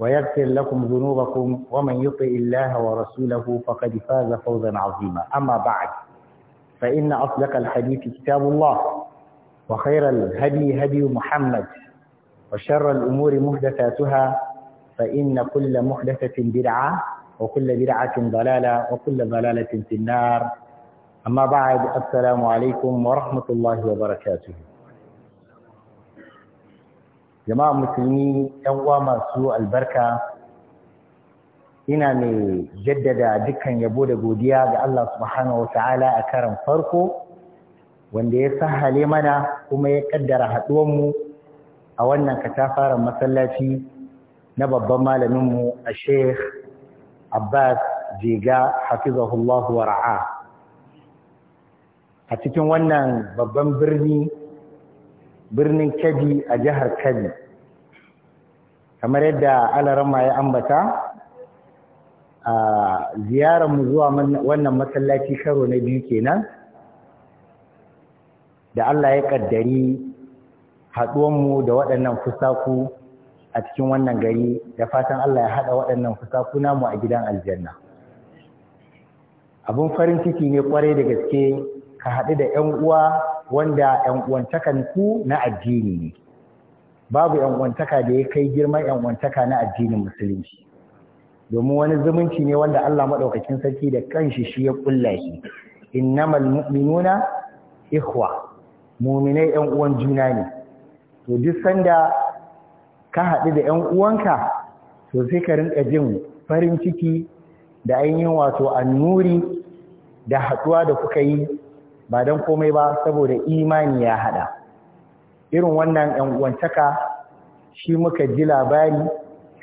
ويغفر لكم ذنوبكم ومن يطع الله ورسوله فقد فاز فوزا عظيما أما بعد فإن أصدق الحديث كتاب الله وخير الهدي هدي محمد وشر الأمور محدثاتها فإن كل محدثة بدعة وكل بدعة ضلالة وكل ضلالة في النار أما بعد السلام عليكم ورحمة الله وبركاته jama'a musulmi yan uwa masu albarka ina mai jaddada dukkan yabo da godiya ga Allah subhanahu wataala a karan farko wanda ya sahale mana kuma ya haɗuwar mu a wannan katafaren masallaci na babban malaminmu a sheikh abbas jega hafizahullahu wa ra'a a cikin wannan babban birni birnin Kebbi a jihar Kebbi kamar yadda alarama ya ambata a ziyarar mu zuwa wannan masallaci karo na biyu kenan da Allah ya kaddari haɗuwan mu da waɗannan fusaku a cikin wannan gari da fatan Allah ya haɗa waɗannan fusaku namu a gidan aljanna abun farin ciki ne kwarai da gaske ka haɗu da 'yan uwa wanda ‘yan uwantakan ku na addini ne babu ‘yan uwantaka da ya kai girman ‘yan uwantaka na addinin musulunci domin wani zumunci ne wanda Allah maɗaukakin sarki da kanshi shi ya ƙulla shi innamal mu'minuna ikhwa mu'minai ‘yan uwan juna ne to duk sanda ka haɗu da ‘yan uwanka to sai ka rinka jin farin ciki da ainihin wato annuri da haɗuwa da kuka yi ba don komai ba saboda imani ya haɗa irin wannan ‘yan uwantaka shi muka ji labari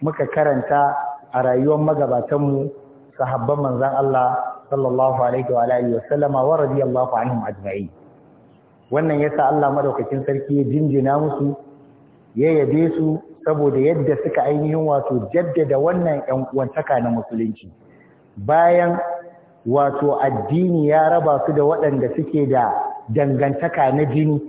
muka karanta a rayuwar magabatanmu sahabban manzan Allah sallallahu alaihi wa alihi wa sallama wa radiyallahu anhum ajma'i wannan yasa Allah madaukakin sarki ya jinjina musu ya yabe su saboda yadda suka ainihin wato jaddada wannan ‘yan uwantaka na musulunci bayan wato addini ya raba su da waɗanda suke da dangantaka na jini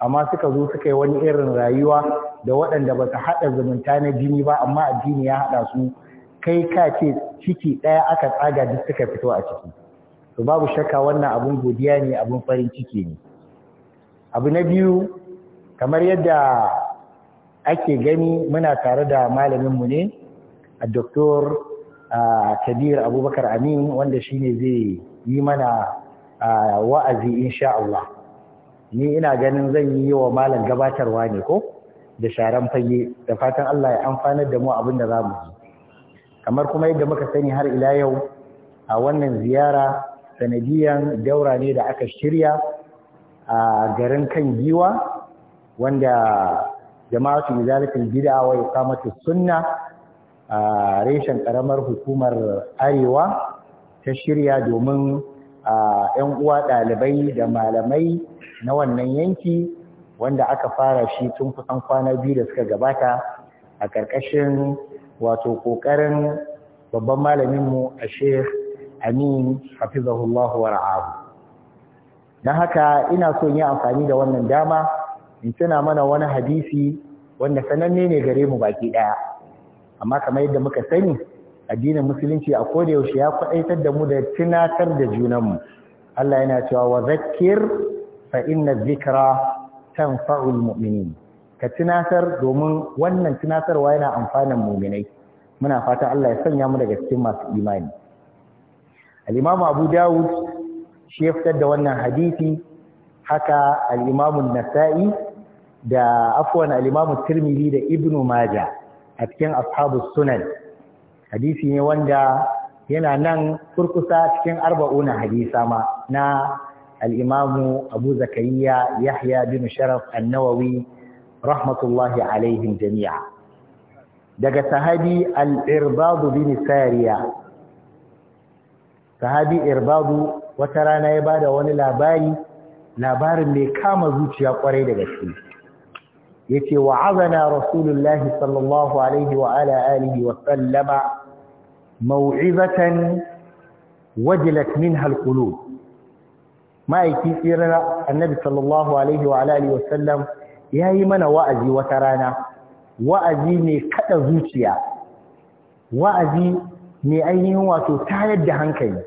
amma suka zo suka yi wani irin rayuwa da waɗanda ba su haɗa zumunta na jini ba amma addini ya haɗa su kai ka ce ciki ɗaya aka tsaga duk suka fito a ciki to babu shakka wannan abun godiya ne abun farin ciki ne abu na biyu kamar yadda ake gani muna tare da malaminmu ne a doktor kabir abubakar amin wanda shine zai yi mana wa'azi sha Allah ni ina ganin zan yi wa malam gabatarwa ne ko da sharan fage da fatan Allah ya amfanar da mu abin da za mu yi kamar kuma yadda muka sani har ila yau a wannan ziyara sanadiyan daura ne da aka shirya a garin kan giwa wanda jama'atu izalatul bid'a wa iqamatus sunna a reshen karamar hukumar arewa ta shirya domin yan uwa ɗalibai da malamai na wannan yanki wanda aka fara shi tun kusan kwana biyu da suka gabata a ƙarƙashin wato ƙoƙarin babban malaminmu a sheikh amin hafizahullahu wa ra'ahu don haka ina so yi amfani da wannan dama in tuna mana wani hadisi wanda sananne ne gare mu baki ɗaya amma kamar yadda muka sani addinin musulunci a koda yaushe ya kwaɗaitar da mu da tunatar da junanmu Allah yana cewa wa zakir fa inna zikra tanfa'ul mu'minin ka tunatar domin wannan tunatarwa yana amfanan mu'minai muna fata Allah ya sanya mu daga cikin masu imani al-Imam Abu Dawud shi ya fitar da wannan hadisi haka al-Imam An-Nasa'i da afwan al-Imam Tirmidhi da Ibn Majah a cikin ashabu sunan hadisi ne wanda yana nan kurkusa cikin arba'una hadisa ma na al'imamu abu zakariya yahya bin sharaf annawawi rahmatullahi alaihim jami'a daga sahabi al'irbadu bin sariya sahabi irbadu wata rana ya ba da wani labari labarin mai kama zuciya kwarai daga gaske yace azana rasulullahi sallallahu alaihi wa ala alihi wa sallama mau'izatan wajilat minha alqulub ma'aiki tsirara annabi sallallahu alaihi wa ala alihi wa sallam yayi mana wa'azi wata rana wa'azi ne kada zuciya wa'azi ne ainihin wato tayar da hankali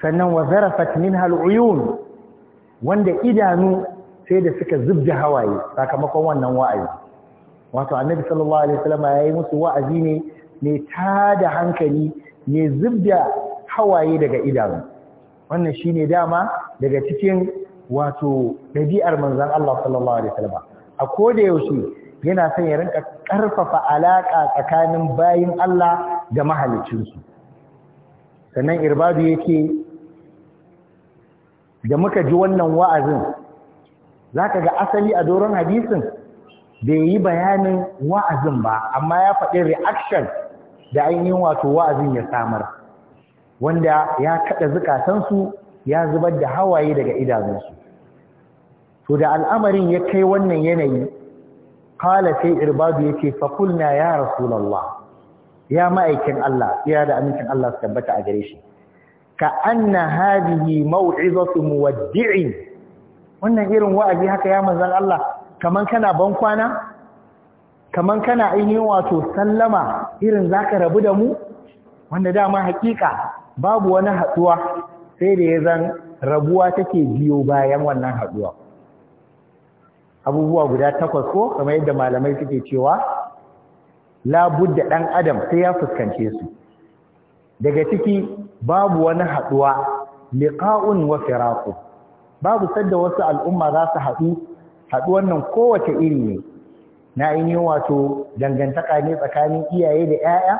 sannan wa zarafat minha al'uyun wanda idanu sai da suka zubda hawaye sakamakon wannan wa'azi wato annabi sallallahu alaihi wasallam ya musu wa'azi ne ne tada hankali ne zubda hawaye daga idanu wannan shine dama daga cikin wato dabi'ar manzon Allah sallallahu alaihi wasallam a koda yaushe yana son ya rinka karfafa alaka tsakanin bayin Allah da su. sannan irbadu yake da muka ji wannan wa'azin za ka ga asali a doron hadisin bai yi bayanin wa'azin ba amma ya faɗi reaction da ainihin wato wa'azin ya samar wanda ya kaɗa zukatansu ya zubar da hawaye daga idanunsu to da al'amarin ya kai wannan yanayi kala sai irbadu ya ce fakulna ya rasulallah ya ma'aikin Allah ya da amincin Allah su tabbata a gare shi ka anna hadhihi maw'izatu muwaddi'in wannan irin wa'azi haka ya manzan Allah kaman kana ban kwana kaman kana ainihin wato sallama irin zaka rabu da mu wanda dama hakika babu wani haduwa sai da ya zan rabuwa take biyo bayan wannan haɗuwa. abubuwa guda takwas ko kamar yadda malamai suke cewa da dan adam sai ya fuskance su daga ciki babu wani haduwa liqa'un wa firaqun babu sadda wasu al'umma za su haɗu haɗu wannan kowace iri ne na ainihin wato dangantaka ne tsakanin iyaye da 'ya'ya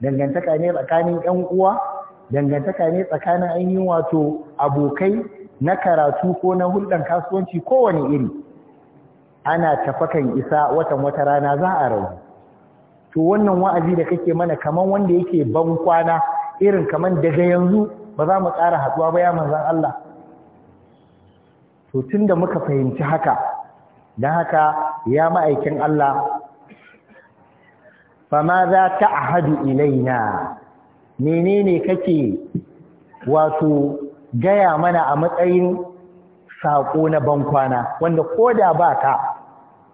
dangantaka ne tsakanin 'yan uwa dangantaka ne tsakanin ainihin wato abokai na karatu ko na hulɗar kasuwanci kowane iri ana tafakan isa watan wata rana za a rauni to wannan wa'azi da kake mana kaman wanda yake ban kwana irin kaman daga yanzu ba za mu tsara haɗuwa ba ya manzan Allah to tunda muka fahimci haka dan haka ya ma'aikin Allah ma za ta ahadu ilaina menene kake wato gaya mana a matsayin saƙo na bankwana wanda ko da ba ka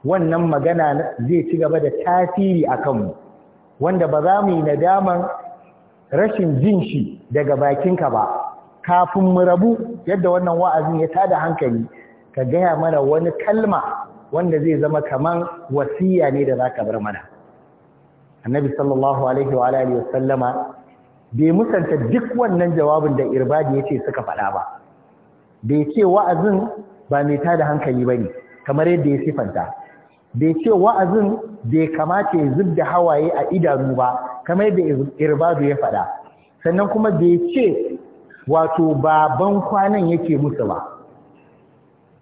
wannan magana zai ci gaba da tasiri a kanmu wanda ba za mu yi nadaman rashin jin shi daga bakinka ba kafin mu rabu yadda wannan wa'azin ya tada hankali ka gaya mana wani kalma wanda zai zama kaman wasiya ne da zaka bar mana annabi sallallahu alaihi wa alihi wasallama bai musanta duk wannan jawabin da irbadi yace suka faɗa ba bai ce wa'azin ba mai tada hankali bane kamar yadda ya sifanta bai ce wa'azin bai kamata ya zubda hawaye a idanu ba kamar yadda irbadu ya faɗa sannan kuma bai ce wato baban kwanan yake musu ba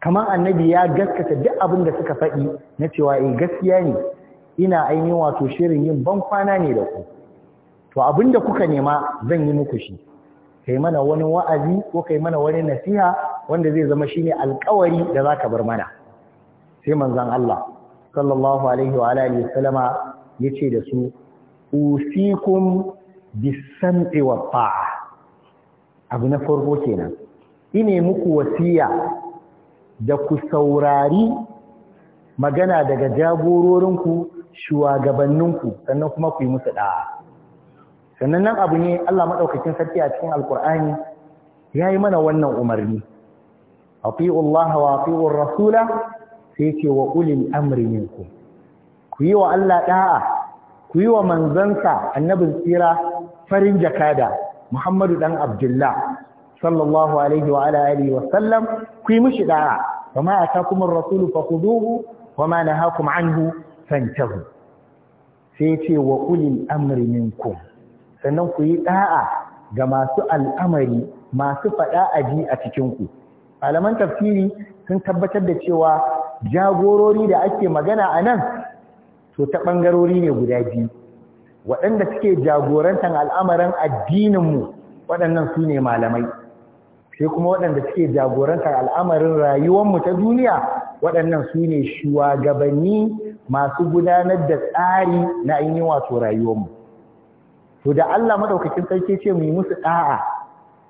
kamar annabi ya gaskata duk abin da suka faɗi na cewa eh gaskiya ne ina ainihin wato shirin yin ban kwana ne da ku to abin da kuka nema zan yi muku shi kai mana wani wa'azi ko kai mana wani nasiha wanda zai zama shine alƙawari da za ka bar mana sai manzon Allah sallallahu alaihi wa alihi wasallama yace da su usikum bis-sam'i taa abu na farko kenan ine muku wasiya da ku saurari magana daga jagororinku shugabanninku sannan kuma ku yi musu ɗa'a. sannan nan abu ne Allah madaukakin sarki a cikin alkur'ani yayi mana wannan umarni ati'u Allah wa ati'u rasula sai ce wa ulil amri ku yi wa Allah ɗa'a ku yi wa manzansa annabin tsira farin jakada Muhammadu dan Abdullah sallallahu alaihi wa ala wasallam, ku yi mishi da'a kama atakum ar-rasulu fakhuduhu wa ma nahakum anhu fantahu sai ce wa ulil amri minkum sannan ku yi ga masu al'amari masu a ji a cikin ku malaman tafsiri sun tabbatar da cewa jagorori da ake magana a nan to ta bangarori ne guda biyu waɗanda suke jagorantar al'amarin addininmu waɗannan su ne malamai sai kuma waɗanda suke jagorantar al'amarin rayuwarmu ta duniya waɗannan su ne shugabanni masu gudanar da tsari na ainihin wato rayuwarmu to da Allah madaukakin sarki ce mu yi musu da'a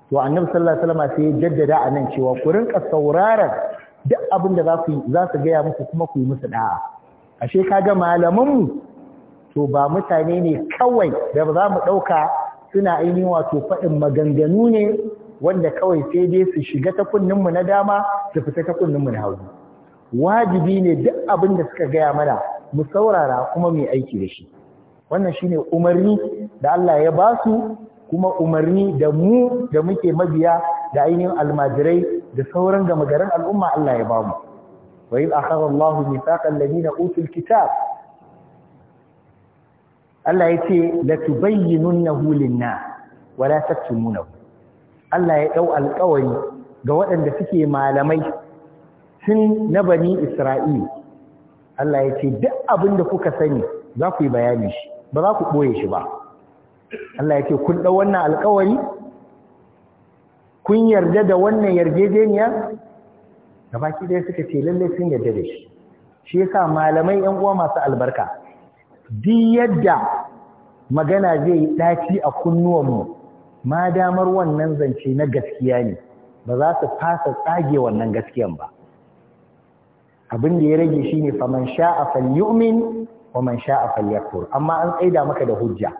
to annabi sallallahu alaihi wasallam sai ya jaddada anan cewa ku rinka sauraron duk abin da za ku za su gaya muku kuma ku yi musu da'a ashe kaga malaman mu to ba mutane ne kawai da za mu ɗauka suna ainihin wato faɗin maganganu ne wanda kawai sai dai su shiga ta mu na dama su fita ta mu na hagu wajibi ne duk abin da suka gaya mana mu saurara kuma mu aiki da shi wannan shine umarni da Allah ya ba su kuma umarni da mu da muke mabiya da ainihin almajirai da sauran gama garin al'umma Allah ya ba mu wa yi akhara Allah mithaqa ladina utul kitab Allah ya ce la tubayyinunnahu lin-nas wa la taktumunahu Allah ya dau alƙawari ga waɗanda suke malamai tun na bani Isra'il Allah ya ce duk abin da kuka sani za ku yi bayani shi ba za ku boye shi ba Allah ya ce kun dau wannan alƙawari kun yarda da wannan yarjejeniya gabaki ɗaya suka ce lallai sun yarda da shi shi yasa malamai 'yan uwa masu albarka Di yadda magana zai yi ɗaci a kunnuwanmu ma damar wannan zance na gaskiya ne ba za su fasa tsage wannan gaskiyan ba abin da ya rage shine faman sha'a falyu'min wa man sha'a falyakfur amma an tsaida maka da hujja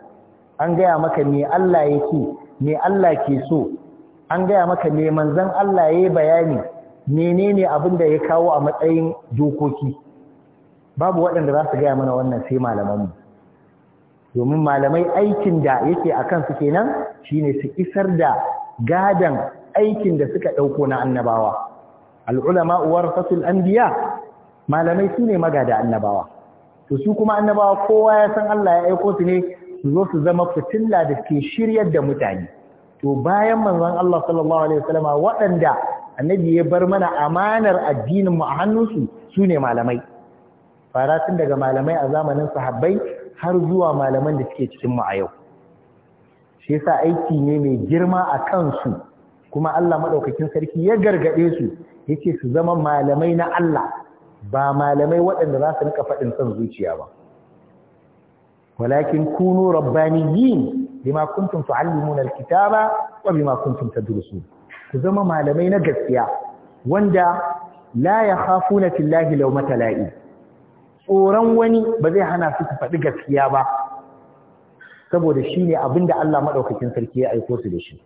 an gaya maka ne Allah yake ne Allah ke so an gaya maka ne manzon Allah yayi bayani menene abin da ya kawo a matsayin dokoki babu waɗanda za su gaya mana wannan sai malamanmu domin malamai aikin da yake a kansu kenan shine su isar da gadan aikin da suka ɗauko na annabawa al'ulama uwar fasul biya. malamai su ne magada annabawa to su kuma annabawa kowa ya san Allah ya aiko su ne su zo su zama fitilla da ke shiryar da mutane to bayan manzon Allah sallallahu alaihi wasallama waɗanda annabi ya bar mana amanar addinin mu a hannunsu su ne malamai fara tun daga malamai a zamanin sahabbai har zuwa malaman da suke cikin mu a yau shi yasa aiki ne mai girma a kansu kuma Allah madaukakin sarki ya gargade su yake su zama malamai na Allah ba malamai waɗanda za su rika faɗin san zuciya ba walakin kunu rabbaniyin bima kuntum tuallimuna alkitaba wa bima kuntum tadrusun ku zama malamai na gaskiya wanda la yakhafuna fillahi lawmata la'i tsoron wani ba zai hana su su faɗi gaskiya ba saboda shi ne abin da Allah maɗaukakin sarki ya aiko su da shi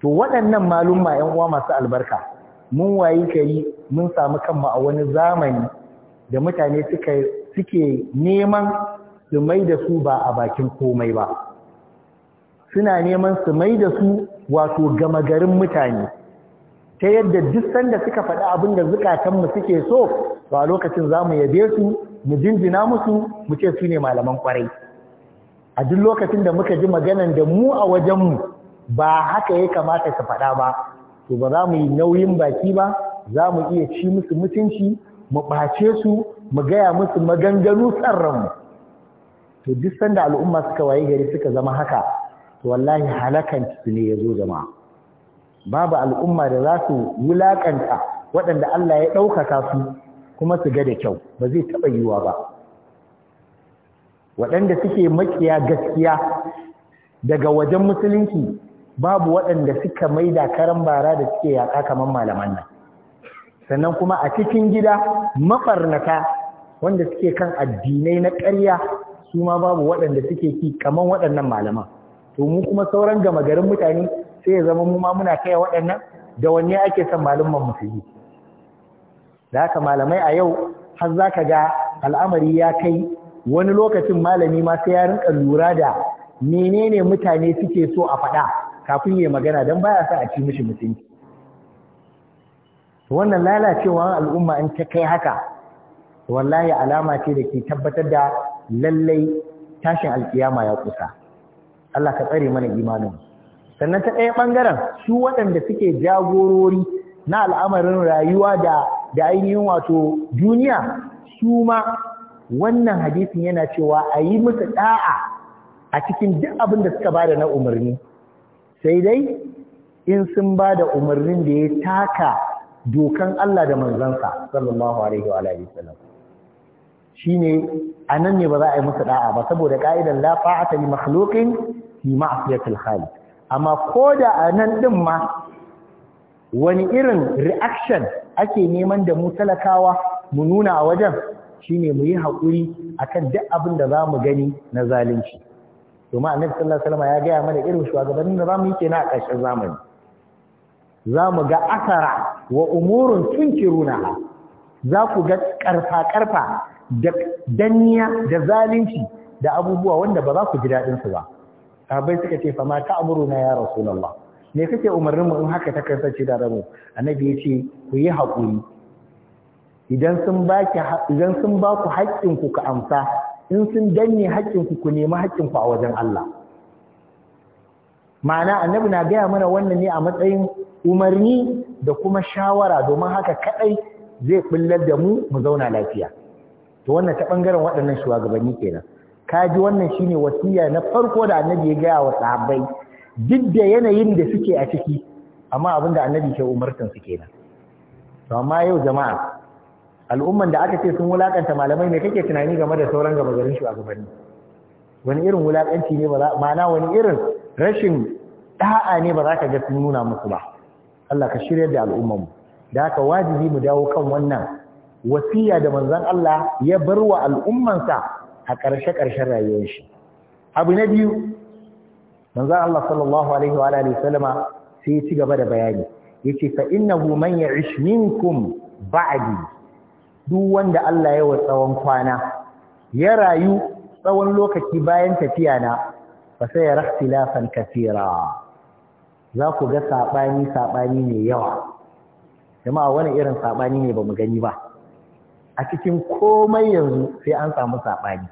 to waɗannan malumma ‘yan uwa masu albarka mun wayi yi mun samu kanmu a wani zamani da mutane suke neman su mai da su ba a bakin komai ba suna neman su mai da su wato gama garin mutane ta yadda duk sanda suka faɗi abin da zukatanmu suke so to a lokacin za mu yabe su mu jinjina musu mu ce su ne malaman kwarai a duk lokacin da muka ji maganan da mu a wajenmu ba haka ya kamata su faɗa ba to ba za mu yi nauyin baki ba za mu iya ci musu mutunci mu ɓace su mu gaya musu maganganu tsarranmu to duk sanda al'umma suka waye gari suka zama haka to wallahi halakan su ne ya zo zama. babu al'umma da za su wulaƙanta waɗanda Allah ya ɗaukaka su kuma su ga da kyau ba zai taɓa yiwuwa ba waɗanda suke makiya gaskiya daga wajen musulunci babu waɗanda suka maida karan bara da suke yaƙa kamar malaman nan sannan kuma a cikin gida mafarnata wanda suke kan addinai na ƙarya su ma babu waɗanda suke ki kamar waɗannan malaman to mu kuma sauran gama garin mutane sai ya zama mu ma muna kai waɗannan da wanne ake son malaman musulunci da haka malamai a yau har za ka ga al'amari ya kai wani lokacin malami ma sai ya rinka lura da menene mutane suke so a faɗa kafin ya magana don baya sa a ci mishi mutunci wannan lalacewa al'umma in ta kai haka wallahi alama ce da ke tabbatar da lallai tashin alkiyama ya kusa Allah ka tsare mana imanin sannan ta ɗaya ɓangaren su waɗanda suke jagorori na al'amarin rayuwa da da ainihin wato duniya su ma wannan hadisin yana cewa a yi musu ɗa'a a cikin duk abin da suka bada na umarni sai dai in sun ba da umarnin da ya taka dokan Allah da manzansa sallallahu alaihi wa alihi wasallam shine anan ne ba za a yi musu ɗa'a ba saboda ƙa'idar la fa'ata li makhluqin fi ma'siyatil khaliq amma ko da a nan din ma wani irin reaction ake neman da mu talakawa mu nuna a wajen shine mu yi haƙuri akan duk abin da za mu gani na zalunci domin annabi sallallahu alaihi wasallam ya gaya mana irin shugabannin da zamu yi kenan a ƙarshen zamani Za mu ga asara wa umurun tunkiruna za ku ga ƙarfa karfa da danniya da zalunci da abubuwa wanda ba za ku ji daɗinsu ba sahabbai suka ce fa ma ta'muruna ya rasulullah me kake umarnin mu in haka ta kasance da ramu annabi ya ce ku yi haƙuri idan sun ba ki idan sun ba ku haƙƙin ku ka amsa in sun danne haƙƙin ku ku nemi haƙƙin ku a wajen Allah ma'ana annabi na gaya mana wannan ne a matsayin umarni da kuma shawara domin haka kadai zai billar da mu mu zauna lafiya to wannan ta bangaren waɗannan shugabanni kenan Ka ji wannan shine wasiya na farko da annabi ya gaya wa sahabbai duk da yanayin da suke a ciki amma abin da annabi ke umartan su kenan to amma yau jama'a al'umman da aka ce sun wulakanta malamai me kake tunani game da sauran gaba garin shugabanni wani irin wulakanci ne ba za ma'ana wani irin rashin da'a ne ba za ka ga sun nuna musu ba Allah ka shirya da al'umman mu da haka wajibi mu dawo kan wannan wasiya da manzon Allah ya bar wa al'ummansa a ƙarshe ƙarshen rayuwar shi abu na biyu manzo Allah sallallahu alaihi wa alihi sallama sai ya ci gaba da bayani yace fa innahu man ya'ish minkum ba'di duk wanda Allah ya tsawon kwana ya rayu tsawon lokaci bayan tafiya na fa sai ya rahtilafan kaseera za ku ga sabani sabani ne yawa jama'a wani irin sabani ne bamu gani ba a cikin komai yanzu sai an samu sabani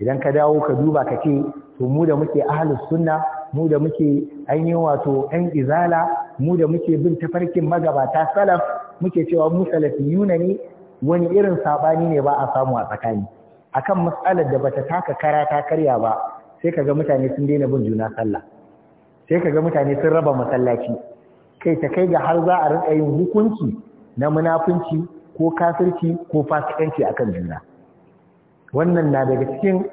idan ka dawo ka duba ka ce to mu da muke ahlus sunna mu da muke ainihin wato ɗan izala mu da muke bin tafarkin magabata salaf muke cewa mu salafiyuna ne wani irin sabani ne ba a samu a tsakani akan matsalar da bata taka kara ta karya ba sai kaga mutane sun daina bin juna sallah sai kaga mutane sun raba masallaci kai ta kai ga har za a rinka yin hukunci na munafunci ko kafirci ko fasikanci akan juna wannan na daga cikin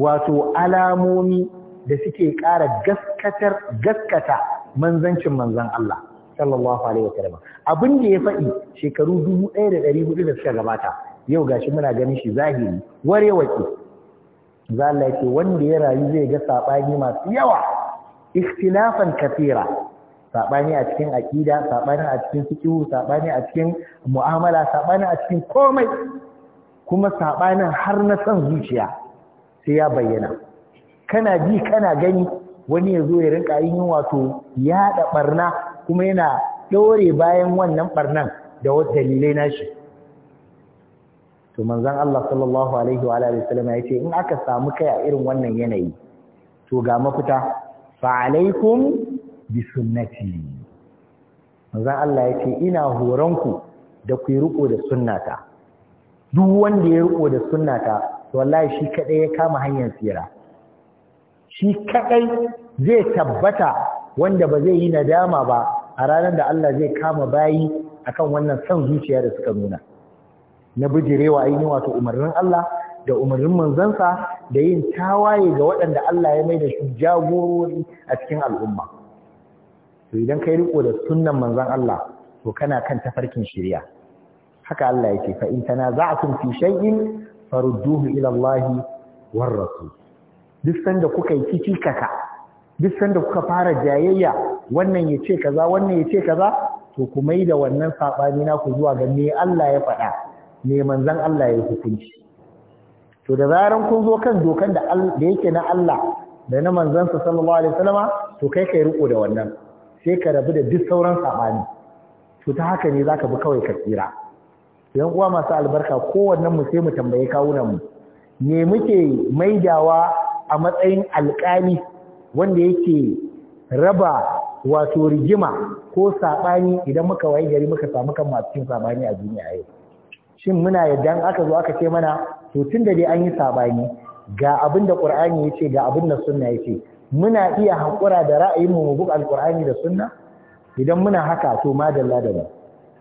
wato alamomi da suke ƙara gaskatar gaskata manzancin manzan Allah sallallahu alaihi wa sallam abin da ya faɗi shekaru 1400 da suka gabata yau gashi muna ganin shi zahiri ware wake za Allah wanda ya rayu zai ga sabani masu yawa ikhtilafan kathira sabani a cikin aqida sabani a cikin fiqh sabani a cikin mu'amala sabani a cikin komai kuma saɓanin har na san zuciya sai ya bayyana kana ji kana gani wani ya zo ya rinka yin wato yaɗa ɓarna kuma yana ɗore bayan wannan barnan da wasu dalilai nashi to manzon Allah sallallahu alaihi wa alihi wasallam ya ce in aka samu kai a irin wannan yanayi to ga mafita fa alaikum bi sunnati manzon Allah ya ce ina ku da ku riko da sunnata duk wanda ya riko da ta to wallahi shi kadai ya kama hanyar tsira shi kadai zai tabbata wanda ba zai yi nadama ba a ranar da Allah zai kama bayi akan wannan son zuciya da suka nuna na bijirewa ainihin wato umarnin Allah da umarnin manzansa da yin tawaye ga waɗanda Allah ya mai da shi jagorori a cikin al'umma to idan kai riko da sunnan manzon Allah to kana kan tafarkin shari'a haka Allah yake fa in tanaza'tum fi shay'in farudduhu ila Allah war rasul duk sanda kuka yi kici kaka duk sanda kuka fara jayayya wannan yace kaza wannan yace kaza to ku mai da wannan sabani na ku zuwa ga me Allah ya faɗa me manzon Allah ya hukunci to da zaran kun zo kan dokan da da yake na Allah da na manzon sa sallallahu alaihi wasallama to kai kai riko da wannan sai ka rabu da duk sauran sabani to ta haka ne zaka bi kawai ka tsira yan uwa masu albarka kowannen mu sai mu tambaye kawunan mu me muke maidawa a matsayin alƙali wanda yake raba wato rigima ko sabani idan muka waye gari muka samu kan masu cin saɓani a duniya yau shin muna yadda aka zo aka ce mana to tun da dai an yi saɓani ga abin da ƙur'ani ya ga abin da sunna ya muna iya haƙura da ra'ayin mu mu alƙur'ani da sunna idan muna haka to madalla da mu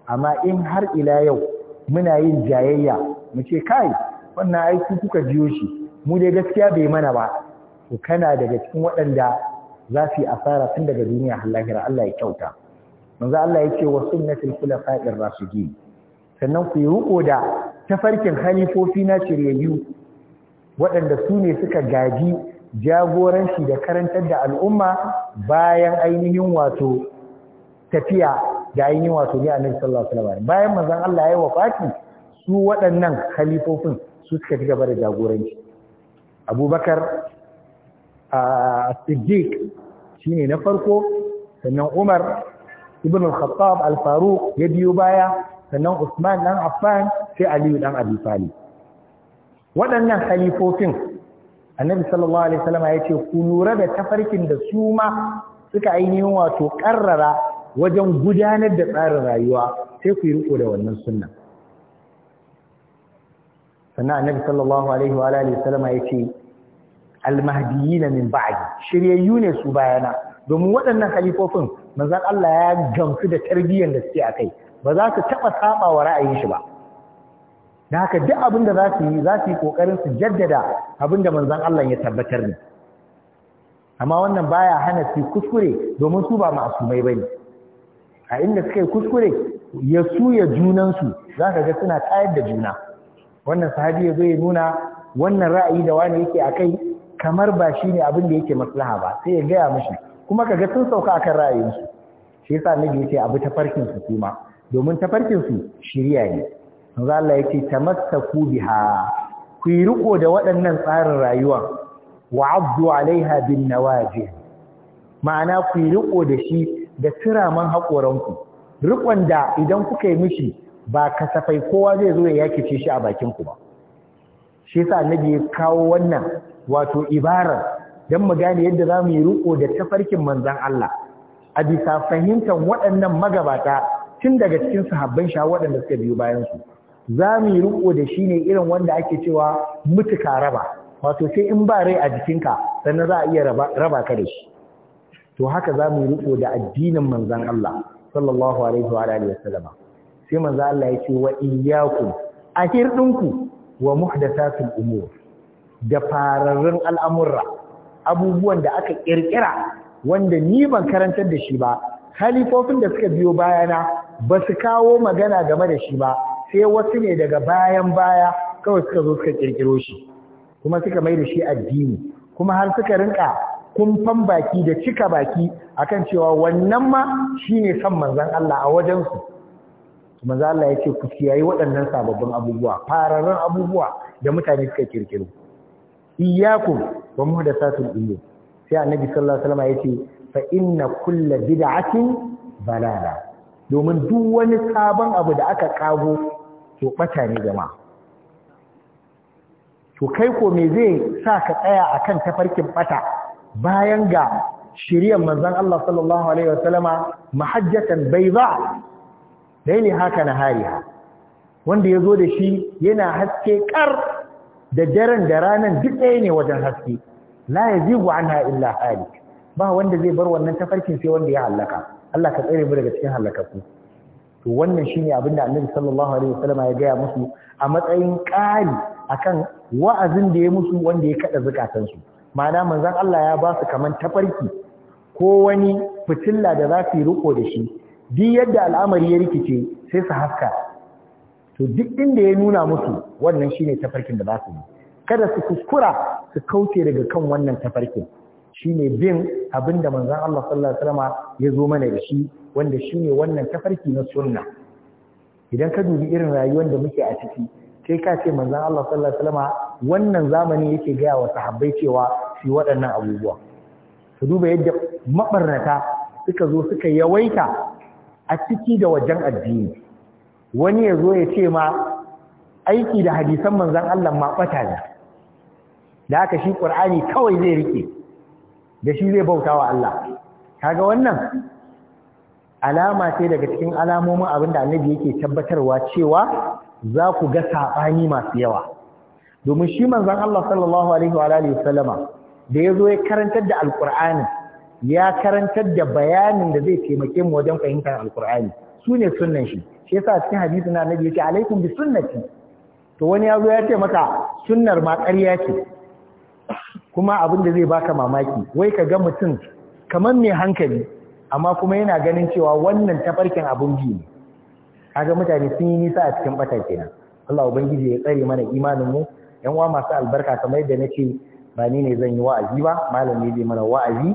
amma in har ila yau muna yin jayayya mu ce kai wannan aiki kuka jiyo shi mu dai gaskiya bai mana ba to kana daga cikin waɗanda za su yi asara tun daga duniya har lahira Allah ya kyauta manzo Allah ya ce wa sunnatul khulafa'ir rasidin sannan ku yi ruko da tafarkin halifofi na shiryayyu waɗanda su ne suka gaji jagoranci da karantar da al'umma bayan ainihin wato tafiya ga ainihin wato ne annabi sallallahu alaihi wasallam bayan manzon Allah ya yi wafati su waɗannan khalifofin su suka ci gaba da jagoranci abubakar siddiq shine na farko sannan umar ibn al-khattab al-faruq ya biyo baya sannan usman dan affan sai aliyu dan abi talib waɗannan khalifofin annabi sallallahu alaihi wasallam ya ce ku lura da tafarkin da su ma suka ainihin wato karrara wajen gudanar da tsarin rayuwa sai ku yi riko da wannan sunna sannan annabi sallallahu alaihi wa alihi sallama yace almahdiyina min ba'di shiryayyu ne su bayana domin waɗannan khalifofin manzon Allah ya gamsu da tarbiyyar da suke akai ba za su taba saba wa ra'ayin shi ba da haka duk abin da za su yi za su yi kokarin su jaddada abin da manzon Allah ya tabbatar ne amma wannan baya hana su kuskure domin su ba mai bane a inda suka yi kuskure ya suya junansu za ka ga suna tayar da juna wannan sahabi ya zai nuna wannan ra'ayi da wani yake a kai kamar ba shi ne abin da yake maslaha ba sai ya gaya mashi kuma ka ga sun sauka a kan ra'ayinsu shi yasa nabi ce abu tafarkin su kuma domin tafarkin su shirya ne manzo Allah yace tamassaku biha ku yi riko da waɗannan tsarin rayuwa wa'abdu alaiha bin nawajih ma'ana ku yi riko da shi da turaman haƙoranku riƙon da idan kuka yi mishi ba kasafai kowa zai zo ya yakice shi a bakin ku ba shi yasa na ya kawo wannan wato ibarar don mu gane yadda za mu yi riƙo da tafarkin manzan Allah a bisa fahimtar waɗannan magabata tun daga cikin sahabban sha waɗanda suka biyo bayansu za mu yi riƙo da shi ne irin wanda ake cewa mutuka raba wato sai in ba rai a jikinka sannan za a iya raba ka da shi to haka za mu riko da addinin manzon Allah sallallahu alaihi wa alihi wasallam sai manzon Allah ya ce wa iyyakum ahirdinku wa muhdathatil umur da fararrun al'amurra abubuwan da aka kirkira wanda ni ban karantar da shi ba halifofin da suka biyo bayana ba su kawo magana game da shi ba sai wasu ne daga bayan baya kawai suka zo suka kirkiro shi kuma suka mai da shi addini kuma har suka rinka kumfan baki da cika baki akan cewa wannan ma shine san manzon Allah a wajen su Allah ya ce ku kiyaye waɗannan sababbin abubuwa fararen abubuwa da mutane suka kirkiro iyyakum wa muhdathatul umur sai annabi sallallahu alaihi wasallam ya ce fa inna kulla bid'atin balala domin duk wani sabon abu da aka kago to bata ne jama'a to kai ko me zai sa ka tsaya akan tafarkin ɓata? bayan ga shiryan manzan Allah sallallahu Alaihi wasallama mahajjatan bai haka na hariya wanda ya zo da shi yana haske kar da daren da ranar duk ɗaya ne wajen haske la ya zigu an illa halik ba wanda zai bar wannan tafarkin sai wanda ya hallaka Allah ka tsere mu daga cikin hallakaku to wannan shine abin da Annabi sallallahu alaihi wasallama ya gaya musu a matsayin ƙari akan wa'azin da ya musu wanda ya kada zakatansu su ma'ana manzan Allah ya ba su kaman tafarki ko wani fitilla da za su yi riko da shi duk yadda al'amari ya rikice sai su haska to duk inda ya nuna musu wannan shine tafarkin da za su yi kada su kuskura su kauce daga kan wannan tafarkin shine bin abinda manzan Allah sallallahu alaihi wasallam ya zo mana da shi wanda shine wannan tafarki na sunna idan ka dubi irin rayuwar da muke a ciki Sai ka ce manzan Allah sallallahu alaihi wasallam wannan zamani yake gaya wa sahabbai cewa su waɗannan abubuwa su duba yadda mabarnata suka zo suka yawaita a ciki da wajen addini wani ya zo ya ce ma aiki da hadisan manzan Allah ma bata ne da haka shi ƙur'ani kawai zai rike da shi zai bauta wa Allah kaga wannan alama ce daga cikin alamomin abin da annabi yake tabbatarwa cewa za ku ga saɓani masu yawa domin shi manzon Allah sallallahu alaihi wa alihi wasallama da ya zo ya karantar da alkur'ani ya karantar da bayanin da zai taimake mu wajen fahimtar alkur'ani su ne sunnan shi shi yasa cikin hadisi na nabi yake alaikum bi sunnati to wani ya zo ya ce maka sunnar ma ƙarya ce kuma abin da zai baka mamaki wai ka ga mutum kamar mai hankali amma kuma yana ganin cewa wannan tafarkin abun biyu ne kaga mutane sun yi nisa a cikin bata kenan Allah ubangiji ya tsare mana imanin mu yan uwa masu albarka kamar da nace ba ni ne zan yi wa'azi ba malami zai mana wa'azi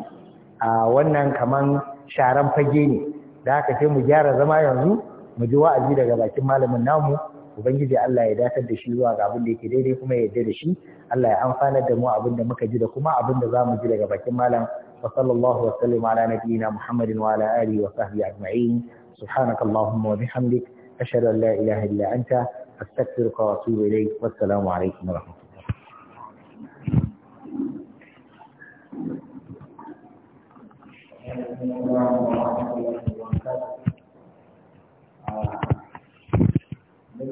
a wannan kaman sharan fage ne da aka ce mu gyara zama yanzu mu ji wa'azi daga bakin malamin namu ubangiji Allah ya datar da shi zuwa ga abin da yake daidai kuma ya yarda da shi Allah ya amfanar da mu abin da muka ji da kuma abin da zamu ji daga bakin malam wa sallallahu wa sallam ala nabiyyina Muhammadin wa ala alihi wa sahbihi ajma'in subhanakallahumma wa bihamdik أشهد أن لا إله إلا أنت أستغفرك وأتوب إليك والسلام عليكم ورحمة الله Thank you.